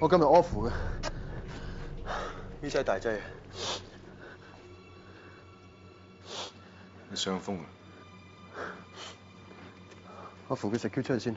我今日 off 嘅，呢劑大劑啊！你上風啊，我扶佢食出去先。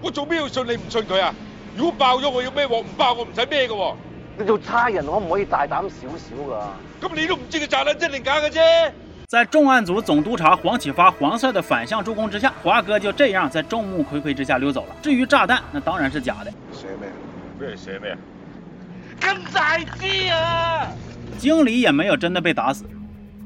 我做咩要信你唔信佢啊？如果爆咗我要孭鑊，唔爆我唔使孭嘅。哦、你做差人可唔可以大膽少少噶？咁你都唔知佢炸彈真定假嘅啫。在重案組總督察黃啟發黃 Sir 嘅反向助攻之下，華哥就這樣在眾目睽睽之下溜走了。至於炸彈，那當然是假的。寫咩？咩寫咩？咁大支啊！經理也沒有真的被打死。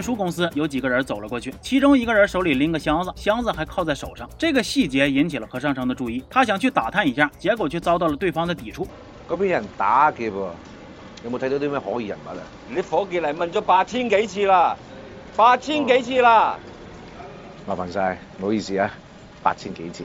運輸公司有幾個人走了過去，其中一個人手裏拎個箱子，箱子還靠在手上。這個細節引起了何尚生的注意，他想去打探一下，結果卻遭到了對方的抵觸。嗰邊人打劫喎，有冇睇到啲咩可疑人物啊？你伙計嚟問咗八千幾次啦，八千幾次啦。哦。麻煩晒，唔好意思啊，八千幾次。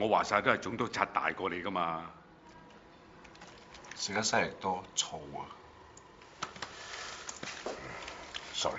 我話晒都係總督察大過你㗎嘛，食得西藥多燥啊，sorry。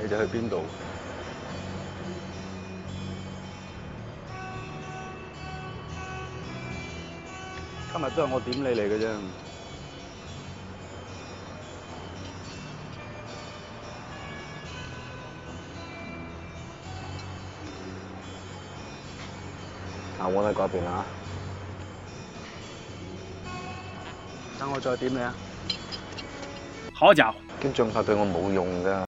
你哋去邊度？今日都係我點你嚟嘅啫。嗱，我喺嗰邊啊。等我再點你啊。好啊酒，家夥。啲障法對我冇用㗎。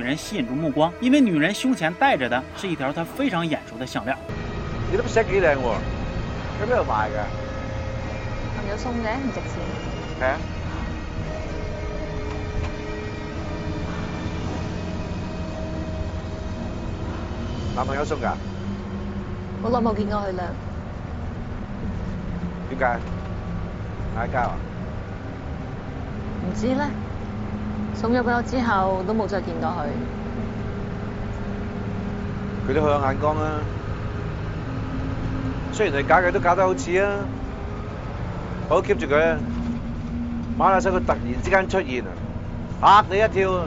女人吸引住目光，因為女人胸前戴着的是一條她非常眼熟的項鏈。你都幾靚喎？喺邊度買㗎？朋友送的，唔值錢。咩、哎？男朋友送㗎？好耐冇見過佢啦。點解？嗌交啊？唔知咧。送咗俾我之後，都冇再見到佢。佢都好有眼光啊，雖然係假嘅，都搞得好似啊。我都 keep 住佢啊，馬拉西佢突然之間出現啊，嚇你一跳啊！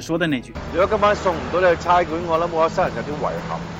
說的那句，如果今晚送唔到你去差館，我諗我一生人有啲遺憾。